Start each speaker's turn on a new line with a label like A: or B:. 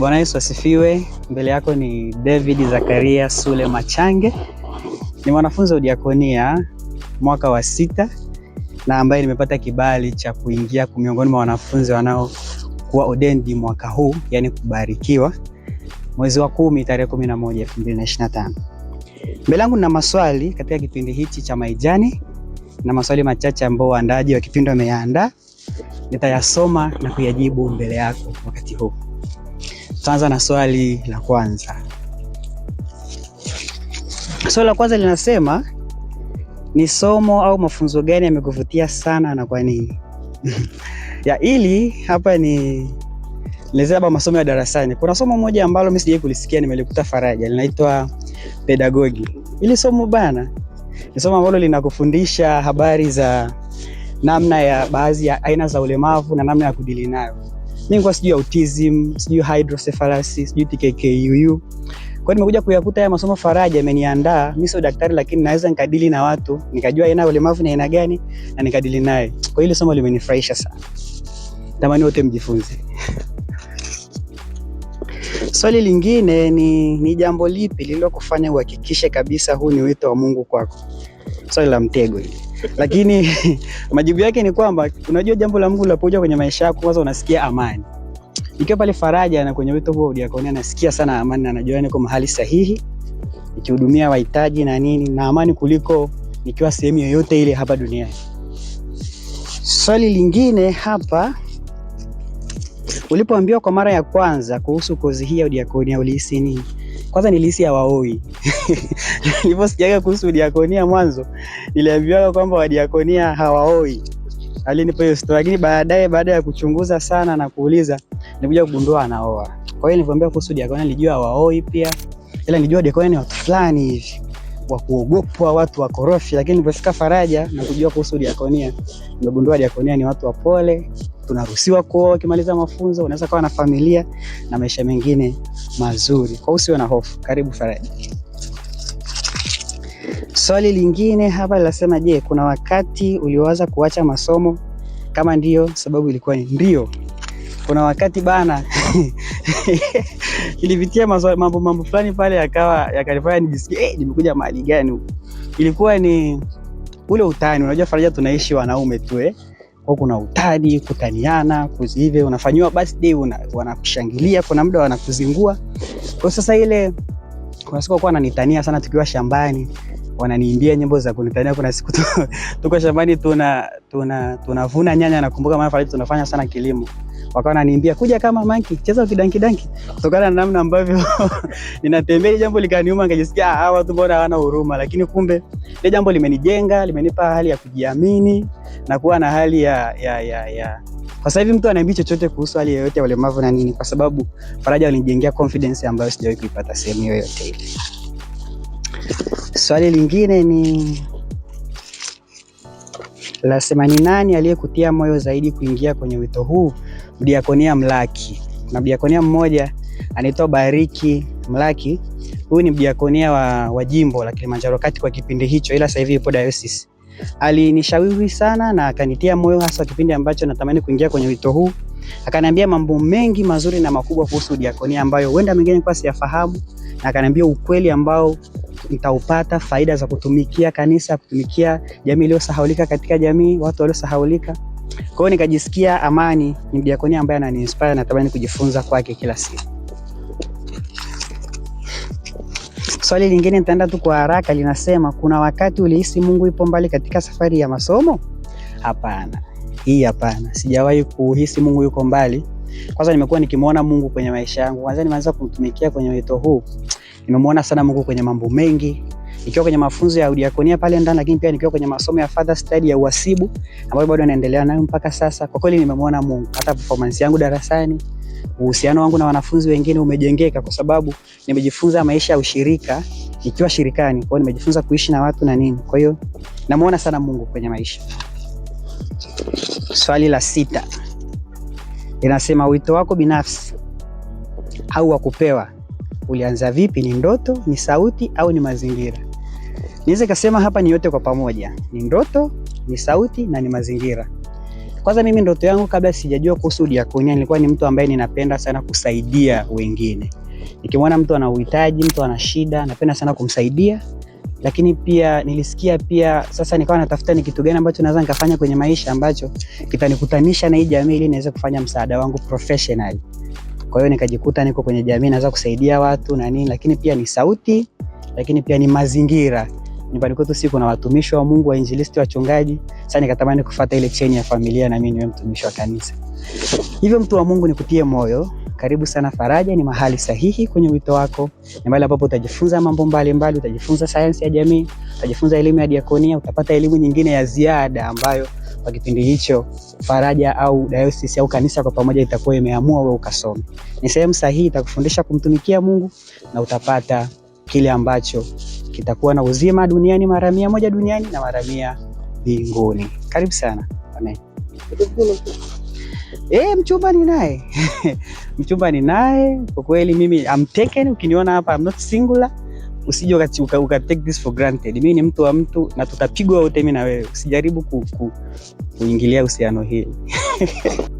A: Bwana Yesu asifiwe. Mbele yako ni David Zakaria Sule Machange, ni mwanafunzi wa diakonia mwaka wa sita na ambaye nimepata kibali cha kuingia miongoni mwa wanafunzi wanaokuwa odendi mwaka huu, yani kubarikiwa mwezi wa kumi tarehe 11 2025. Mbele yangu nina maswali katika kipindi hichi cha Maijani na maswali machache ambayo waandaji wa kipindi wameyaandaa, nitayasoma na kuyajibu mbele yako wakati huu. Tuanza na swali la kwanza. Swali la kwanza linasema ni somo au mafunzo gani yamekuvutia sana na kwa nini? ya ili hapa ni lezea hapa masomo ya darasani. Kuna somo moja ambalo mimi sijawahi kulisikia, nimelikuta faraja, linaitwa pedagogi Ili somo bana ni somo ambalo linakufundisha habari za namna ya baadhi ya aina za ulemavu na namna ya kudili nayo mimi nilikuwa sijui autism, sijui hydrocephalus, sijui TKKUU. Kwa nimekuja kuyakuta haya masomo faraja ameniandaa. Mimi sio daktari, lakini naweza nikadili na watu, nikajua aina ulemavu ni aina gani na nikadili naye. Kwa hiyo somo limenifurahisha sana. Tamani wote mjifunze. Swali lingine ni ni jambo lipi lililokufanya uhakikishe kabisa huu ni wito wa Mungu kwako? Swali la mtego hili lakini majibu yake ni kwamba unajua jambo la Mungu linapokuja kwenye maisha yako, kwanza unasikia amani ikiwa pale faraja, na kwenye wito huo udiakonia nasikia sana amani, na anajua niko mahali sahihi nikihudumia wahitaji na nini, na amani kuliko nikiwa sehemu yoyote ile hapa duniani. Swali lingine hapa Ulipoambiwa kwa mara ya kwanza kuhusu kozi hii ya udiakonia ulihisi nini? Kwanza nilihisi hawaoi. sikiaga kuhusu udiakonia mwanzo, niliambiwa kwamba wadiakonia hawaoi. Alinipa hiyo story, lakini baadaye baada ya kuchunguza sana na kuuliza, nilikuja kugundua anaoa. Kwa hiyo nilipoambiwa kuhusu udiakonia nilijua hawaoi pia. Ila nilijua udiakonia ni watu fulani hivi wa kuogopwa, watu wakorofi, lakini nilipofika Faraja na kujua kuhusu diakonia, nimegundua diakonia ni watu wapole, tunaruhusiwa kuoa ukimaliza mafunzo, unaweza kawa na familia na maisha mengine mazuri. Kwa hiyo usiwe na hofu. Karibu Faraja. Swali lingine hapa linasema, je, kuna wakati uliowaza kuacha masomo? Kama ndiyo, sababu ilikuwa ni ndio. Kuna wakati bana ilipitia mambo mambo fulani pale yakawa yakanifanya nijisikie eh, nimekuja mahali gani huku. Ilikuwa ni ule utani. Unajua Faraja, tunaishi wanaume tu eh kwa kuna utani, kutaniana, kuzive, unafanyiwa birthday una, wanakushangilia, kuna muda wanakuzingua. Kwa sasa ile kuna siku wananitania sana tukiwa shambani, wananiimbia nyimbo za kunitania. Kuna siku tuko shambani tuna tuna tunavuna nyanya, nakumbuka maana pale tunafanya sana kilimo wakawa wananiimbia kuja kama manki cheza kidanki danki, kutokana na namna ambavyo ninatembea. Jambo likaniuma, nikajisikia hawa ah, watu mbona hawana huruma, lakini kumbe ile jambo limenijenga, limenipa hali ya kujiamini na kuwa na hali ya, ya, ya, ya. Kwa sasa hivi mtu anaambia chochote kuhusu hali yoyote ya ulemavu na nini, kwa sababu Faraja walijengea confidence ambayo sijawahi kuipata sehemu yoyote ile. Swali lingine ni lasema, ni nani aliyekutia moyo zaidi kuingia kwenye wito huu? Mdiakonia Mlaki na mdiakonia mmoja anaitwa Bariki Mlaki. Huyu ni mdiakonia wa, wa jimbo la Kilimanjaro kati kwa kipindi hicho, ila sasa hivi yupo diocese Alinishawishi sana na akanitia moyo, hasa kipindi ambacho natamani kuingia kwenye wito huu. Akaniambia mambo mengi mazuri na makubwa kuhusu diakonia ambayo huenda mengine nilikuwa siyafahamu, na akaniambia ukweli ambao nitaupata, faida za kutumikia kanisa, kutumikia jamii iliyosahaulika, katika jamii watu waliosahaulika. Kwa hiyo nikajisikia amani. Ni diakonia ambaye ananiinspire, natamani kujifunza kwake kila siku. Swali lingine nitaenda tu kwa haraka, linasema kuna wakati ulihisi Mungu yupo mbali katika safari ya masomo? Hapana, hii hapana, sijawahi kuhisi Mungu yuko mbali. Kwanza nimekuwa nikimwona Mungu kwenye maisha yangu, kwanza nimeanza kumtumikia kwenye wito huu, nimemwona sana Mungu kwenye mambo mengi nikiwa kwenye mafunzo ya udiakonia pale ndani, lakini pia nikiwa kwenye masomo ya further study ya uhasibu ambayo bado naendelea nayo mpaka sasa. Kwa kweli nimemwona Mungu, hata performance yangu darasani, uhusiano wangu na wanafunzi wengine umejengeka, kwa sababu nimejifunza maisha ya ushirika nikiwa shirikani. Kwa hiyo nimejifunza kuishi na watu na nini, kwa hiyo namuona sana Mungu kwenye maisha. Swali la sita inasema, wito wako binafsi au wa kupewa ulianza vipi? Ni ndoto, ni sauti au ni mazingira? Niweze kusema hapa ni yote kwa pamoja, ni ndoto, ni sauti na ni mazingira. Kwanza mimi ndoto yangu kabla sijajua kuhusu diakonia, nilikuwa ni mtu ambaye ninapenda sana kusaidia wengine. Nikimwona mtu ana uhitaji, mtu ana shida, napenda sana kumsaidia. Lakini pia nilisikia pia, sasa nikawa natafuta ni kitu gani ambacho naweza nikafanya kwenye maisha ambacho kitanikutanisha na hii jamii ili niweze kufanya msaada wangu professional. Kwa hiyo nikajikuta niko kwenye jamii naweza kusaidia watu na nini, lakini pia ni sauti, lakini pia ni mazingira nyumbani kwetu si kuna watumishi wa Mungu, wainjilisti, wachungaji. Sasa nikatamani kufuata ile cheni ya familia na mimi niwe mtumishi wa kanisa. Hivyo mtu wa Mungu, nikutie moyo. Karibu sana Faraja, ni mahali sahihi kwenye wito wako. Ni mahali ambapo utajifunza mambo mbalimbali, utajifunza sayansi ya jamii, utajifunza elimu ya diakonia, utapata elimu nyingine ya ziada ambayo kwa kipindi hicho Faraja au dayosisi au kanisa kwa pamoja itakuwa imeamua wewe ukasome. Ni sehemu sahihi, itakufundisha kumtumikia Mungu na utapata kile ambacho kitakuwa na uzima duniani mara mia moja duniani na mara mia mbinguni. Karibu sana. Amen. E, mchumba ni naye mchumba ni naye kwa kweli, mimi I'm taken. Ukiniona hapa I'm not singular, usije uka, uka take this for granted. Mimi ni mtu wa mtu na tutapigwa wote, mimi na wewe. Usijaribu ku, ku, kuingilia uhusiano hili